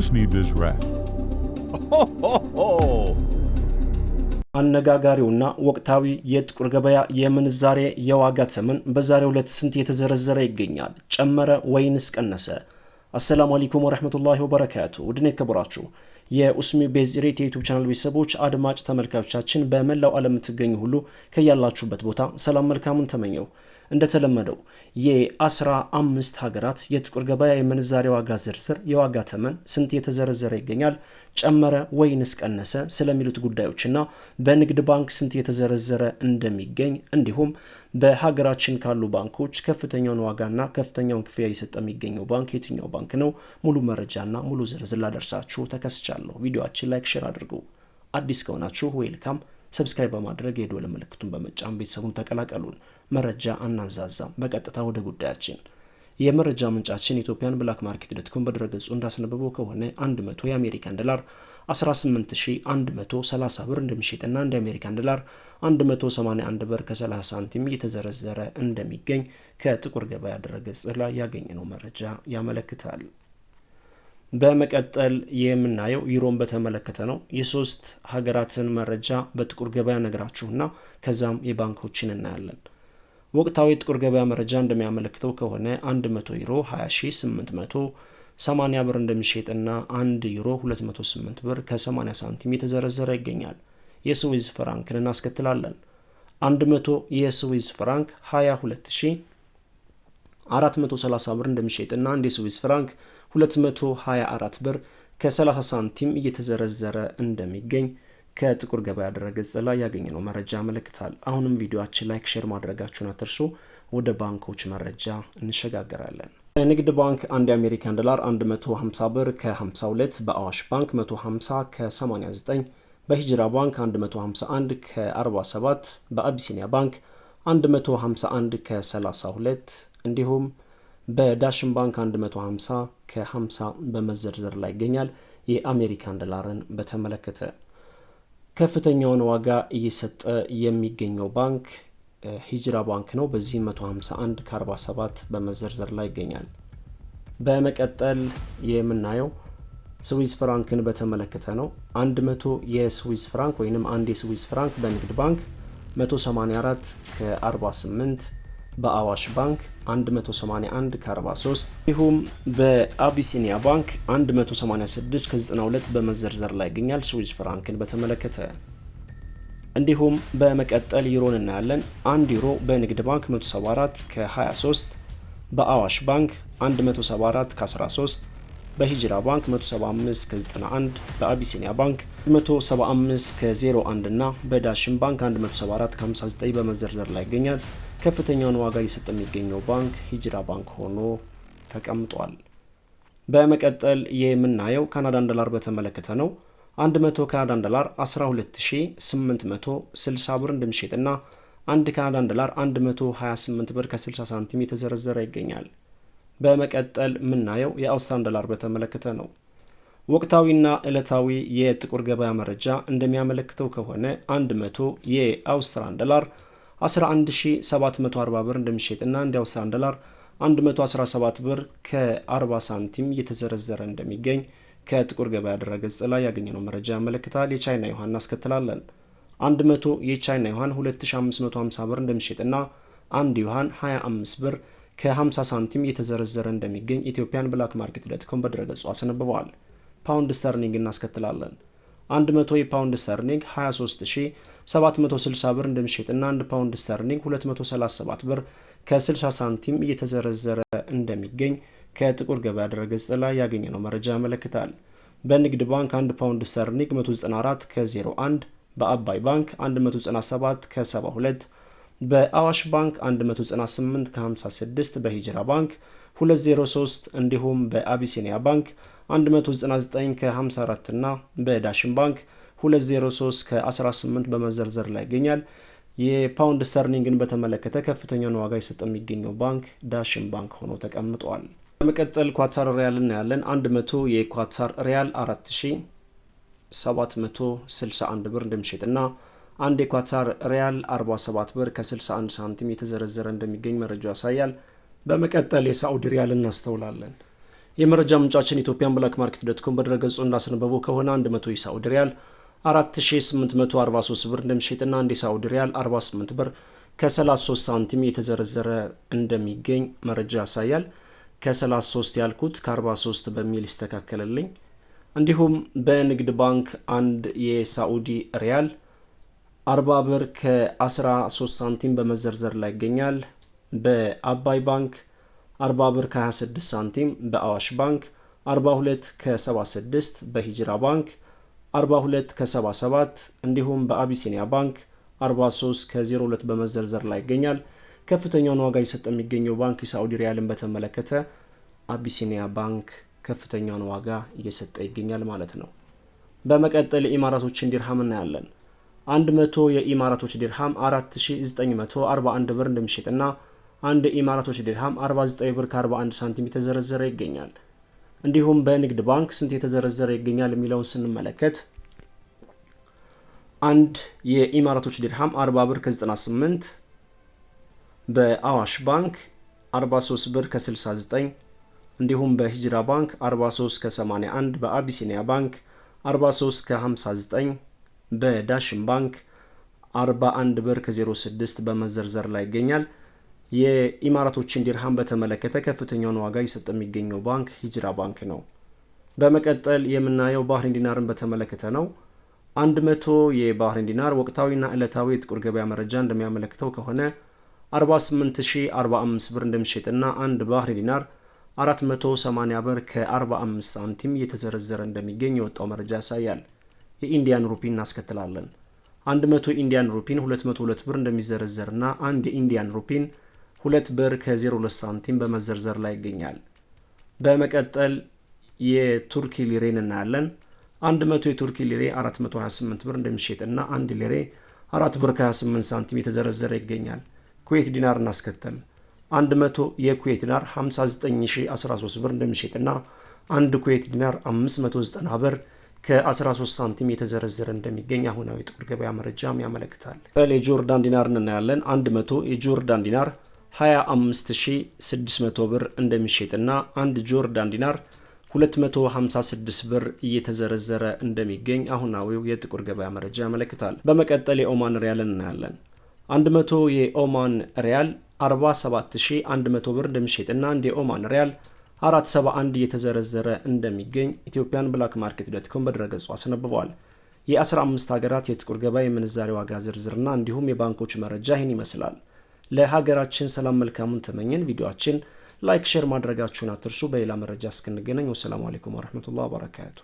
just need this rat. አነጋጋሪውና ወቅታዊ የጥቁር ገበያ የምንዛሬ የዋጋ ተመን በዛሬው ዕለት ስንት የተዘረዘረ ይገኛል? ጨመረ ወይንስ ቀነሰ? አሰላሙ አለይኩም ወረህመቱላሂ ወበረካቱ። ውድን የተከበራችሁ የኡስሚ ቤዝሬት የዩቱብ ቻናል ቤተሰቦች አድማጭ ተመልካቾቻችን በመላው ዓለም የምትገኙ ሁሉ ከያላችሁበት ቦታ ሰላም መልካሙን ተመኘው። እንደተለመደው የአስራ አምስት ሀገራት የጥቁር ገበያ የምንዛሬ ዋጋ ዝርዝር የዋጋ ተመን ስንት የተዘረዘረ ይገኛል፣ ጨመረ ወይንስ ቀነሰ ስለሚሉት ጉዳዮችና በንግድ ባንክ ስንት የተዘረዘረ እንደሚገኝ እንዲሁም በሀገራችን ካሉ ባንኮች ከፍተኛውን ዋጋና ከፍተኛውን ክፍያ እየሰጠ የሚገኘው ባንክ የትኛው ባንክ ነው? ሙሉ መረጃና ሙሉ ዝርዝር ላደርሳችሁ ተከስቻለሁ። ቪዲዮችን ላይክ፣ ሼር አድርጉ። አዲስ ከሆናችሁ ዌልካም ሰብስክራይብ በማድረግ የዶል ምልክቱን በመጫን ቤተሰቡን ተቀላቀሉን። መረጃ አናንዛዛም፣ በቀጥታ ወደ ጉዳያችን። የመረጃ ምንጫችን ኢትዮጵያን ብላክ ማርኬት ዶትኮም በድረገጹ እንዳስነበበው ከሆነ 100 የአሜሪካን ዶላር 18130 ብር እንደሚሸጥና እንደ አሜሪካን ዶላር 181 ብር ከ30 ሳንቲም እየተዘረዘረ እንደሚገኝ ከጥቁር ገበያ ድረገጽ ላይ ያገኘነው መረጃ ያመለክታል። በመቀጠል የምናየው ዩሮን በተመለከተ ነው። የሶስት ሀገራትን መረጃ በጥቁር ገበያ ነግራችሁና ከዛም የባንኮችን እናያለን። ወቅታዊ ጥቁር ገበያ መረጃ እንደሚያመለክተው ከሆነ 100 ዩሮ 20880 ብር እንደሚሸጥና 1 ዩሮ 208 ብር ከ80 ሳንቲም የተዘረዘረ ይገኛል። የስዊዝ ፍራንክን እናስከትላለን። 100 የስዊዝ ፍራንክ 22430 ብር እንደሚሸጥና 1 የስዊዝ ፍራንክ 224 ብር ከ30 ሳንቲም እየተዘረዘረ እንደሚገኝ ከጥቁር ገበያ ድረገጽ ላይ ያገኘነው መረጃ ያመለክታል። አሁንም ቪዲዮችን ላይክ፣ ሼር ማድረጋችሁን አትርሱ። ወደ ባንኮች መረጃ እንሸጋገራለን። በንግድ ባንክ አንድ የአሜሪካን ዶላር 150 ብር ከ52፣ በአዋሽ ባንክ 150 ከ89፣ በሂጅራ ባንክ 151 ከ47፣ በአቢሲኒያ ባንክ 151 ከ32 እንዲሁም በዳሽን ባንክ 150 ከ50 በመዘርዘር ላይ ይገኛል። የአሜሪካን ዶላርን በተመለከተ ከፍተኛውን ዋጋ እየሰጠ የሚገኘው ባንክ ሂጅራ ባንክ ነው። በዚህ 151 ከ47 በመዘርዘር ላይ ይገኛል። በመቀጠል የምናየው ስዊዝ ፍራንክን በተመለከተ ነው። 100 የስዊዝ ፍራንክ ወይም አንድ የስዊዝ ፍራንክ በንግድ ባንክ 184 ከ48 በአዋሽ ባንክ 181 ከ43 እንዲሁም በአቢሲኒያ ባንክ 186 ከ92 በመዘርዘር ላይ ይገኛል። ስዊዝ ፍራንክን በተመለከተ እንዲሁም በመቀጠል ዩሮን እናያለን። 1 ዩሮ በንግድ ባንክ 174 ከ23 በአዋሽ ባንክ 174 ከ13 በሂጅራ ባንክ 175 ከ91 በአቢሲኒያ ባንክ 175 ከ01 እና በዳሽን ባንክ 174 ከ59 በመዘርዘር ላይ ይገኛል። ከፍተኛውን ዋጋ እየሰጠ የሚገኘው ባንክ ሂጅራ ባንክ ሆኖ ተቀምጧል። በመቀጠል የምናየው ካናዳን ዶላር በተመለከተ ነው። 100 ካናዳን ዶላር 12860 ብር እንደሚሸጥና አንድ ካናዳን ዶላር 128 ብር ከ60 ሳንቲም የተዘረዘረ ይገኛል። በመቀጠል የምናየው የአውስትራን ዶላር በተመለከተ ነው። ወቅታዊና ዕለታዊ የጥቁር ገበያ መረጃ እንደሚያመለክተው ከሆነ 100 የአውስትራን ዶላር 11740 ብር እንደሚሸጥና እንደ አውስትራሊያን ዶላር 117 ብር ከ40 ሳንቲም እየተዘረዘረ እንደሚገኝ ከጥቁር ገበያ ድረገጽ ላይ ያገኘነው መረጃ ያመለክታል። የቻይና ዩሃን እናስከትላለን። 100 የቻይና ዩሃን 2550 ብር እንደሚሸጥና አንድ ዩሃን 25 ብር ከ50 ሳንቲም እየተዘረዘረ እንደሚገኝ ኢትዮጵያን ብላክ ማርኬት ዶት ኮም በድረገጹ አስነብበዋል። ፓውንድ ስተርሊንግ እናስከትላለን። 100 የፓውንድ ስተርሊንግ 23760 ብር እንደሚሸጥና 1 ፓውንድ ስተርሊንግ 237 ብር ከ60 ሳንቲም እየተዘረዘረ እንደሚገኝ ከጥቁር ገበያ ድረገጽ ላይ ያገኘነው መረጃ ያመለክታል። በንግድ ባንክ 1 ፓውንድ ስተርሊንግ 194 ከ01፣ በአባይ ባንክ 197 ከ72፣ በአዋሽ ባንክ 198 ከ56፣ በሂጅራ ባንክ 203 እንዲሁም በአቢሲኒያ ባንክ 199 ከ54 እና በዳሽን ባንክ 203 ከ18 በመዘርዘር ላይ ይገኛል። የፓውንድ ስተርሊንግን በተመለከተ ከፍተኛውን ዋጋ ይሰጥ የሚገኘው ባንክ ዳሽን ባንክ ሆኖ ተቀምጧል። በመቀጠል ኳታር ሪያል እናያለን። 100 የኳታር ሪያል 4761 ብር እንደሚሸጥና አንድ የኳታር ሪያል 47 ብር ከ61 ሳንቲም የተዘረዘረ እንደሚገኝ መረጃው ያሳያል። በመቀጠል የሳዑዲ ሪያል እናስተውላለን። የመረጃ ምንጫችን ኢትዮጵያን ብላክ ማርኬት ዶትኮም ኮም በድረገጹ እንዳስነበበው ከሆነ 100 የሳዑዲ ሪያል 4843 ብር እንደሚሸጥና አንድ የሳዑዲ ሪያል 48 ብር ከ33 ሳንቲም የተዘረዘረ እንደሚገኝ መረጃ ያሳያል። ከ33 ያልኩት ከ43 በሚል ይስተካከልልኝ። እንዲሁም በንግድ ባንክ አንድ የሳዑዲ ሪያል 40 ብር ከ13 ሳንቲም በመዘርዘር ላይ ይገኛል። በአባይ ባንክ 40 ብር ከ26 ሳንቲም በአዋሽ ባንክ 42 ከ76 በሂጅራ ባንክ 42 ከ77 እንዲሁም በአቢሲኒያ ባንክ 43 ከ02 በመዘርዘር ላይ ይገኛል። ከፍተኛውን ዋጋ እየሰጠ የሚገኘው ባንክ የሳዑዲ ሪያልን በተመለከተ አቢሲኒያ ባንክ ከፍተኛውን ዋጋ እየሰጠ ይገኛል ማለት ነው። በመቀጠል የኢማራቶችን ዲርሃም እናያለን። 100 የኢማራቶች ዲርሃም 4941 ብር እንደሚሸጥና አንድ ኢማራቶች ድርሃም 49 ብር ከ41 ሳንቲም የተዘረዘረ ይገኛል። እንዲሁም በንግድ ባንክ ስንት የተዘረዘረ ይገኛል የሚለውን ስንመለከት አንድ የኢማራቶች ድርሃም 40 ብር ከ98 በአዋሽ ባንክ 43 ብር ከ69 እንዲሁም በሂጅራ ባንክ 43 ከ81 በአቢሲኒያ ባንክ 43 ከ59 በዳሽን ባንክ 41 ብር ከ06 በመዘርዘር ላይ ይገኛል። የኢማራቶችን ዲርሃም በተመለከተ ከፍተኛውን ዋጋ ይሰጥ የሚገኘው ባንክ ሂጅራ ባንክ ነው። በመቀጠል የምናየው ባህሬን ዲናርን በተመለከተ ነው። 100 የባህሬን ዲናር ወቅታዊና ዕለታዊ የጥቁር ገበያ መረጃ እንደሚያመለክተው ከሆነ 48045 ብር እንደሚሸጥና አንድ ባህሬን ዲናር 480 ብር ከ45 ሳንቲም እየተዘረዘረ እንደሚገኝ የወጣው መረጃ ያሳያል። የኢንዲያን ሩፒን እናስከትላለን። 100 ኢንዲያን ሩፒን 202 ብር እንደሚዘረዘርና አንድ የኢንዲያን ሩፒን ሁለት ብር ከ02 ሳንቲም በመዘርዘር ላይ ይገኛል። በመቀጠል የቱርኪ ሊሬ እናያለን። 100 የቱርኪ ሊሬ 428 ብር እንደሚሸጥ እና አንድ ሊሬ 4 ብር ከ28 ሳንቲም የተዘረዘረ ይገኛል። ኩዌት ዲናር እናስከተል። 100 የኩዌት ዲናር 59013 ብር እንደሚሸጥና አንድ ኩዌት ዲናር 590 ብር ከ13 ሳንቲም የተዘረዘረ እንደሚገኝ አሁናዊ ጥቁር ገበያ መረጃም ያመለክታል። የጆርዳን ዲናር እናያለን። 100 የጆርዳን ዲናር 25600 ብር እንደሚሸጥና አንድ ጆርዳን ዲናር 256 ብር እየተዘረዘረ እንደሚገኝ አሁናዊው የጥቁር ገበያ መረጃ ያመለክታል። በመቀጠል የኦማን ሪያል እናያለን። 100 የኦማን ሪያል 47100 ብር እንደሚሸጥና አንድ የኦማን ሪያል 471 እየተዘረዘረ እንደሚገኝ ኢትዮጵያን ብላክ ማርኬት ዶትኮም በድረገጹ አስነብበዋል የ የ15 ሀገራት የጥቁር ገበያ የምንዛሬ ዋጋ ዝርዝርና እንዲሁም የባንኮች መረጃ ይህን ይመስላል። ለሀገራችን ሰላም መልካሙን ተመኘን። ቪዲዮችን ላይክ፣ ሼር ማድረጋችሁን አትርሱ። በሌላ መረጃ እስክንገናኝ ወሰላሙ አሌይኩም ወረህመቱላህ ወበረካቱ።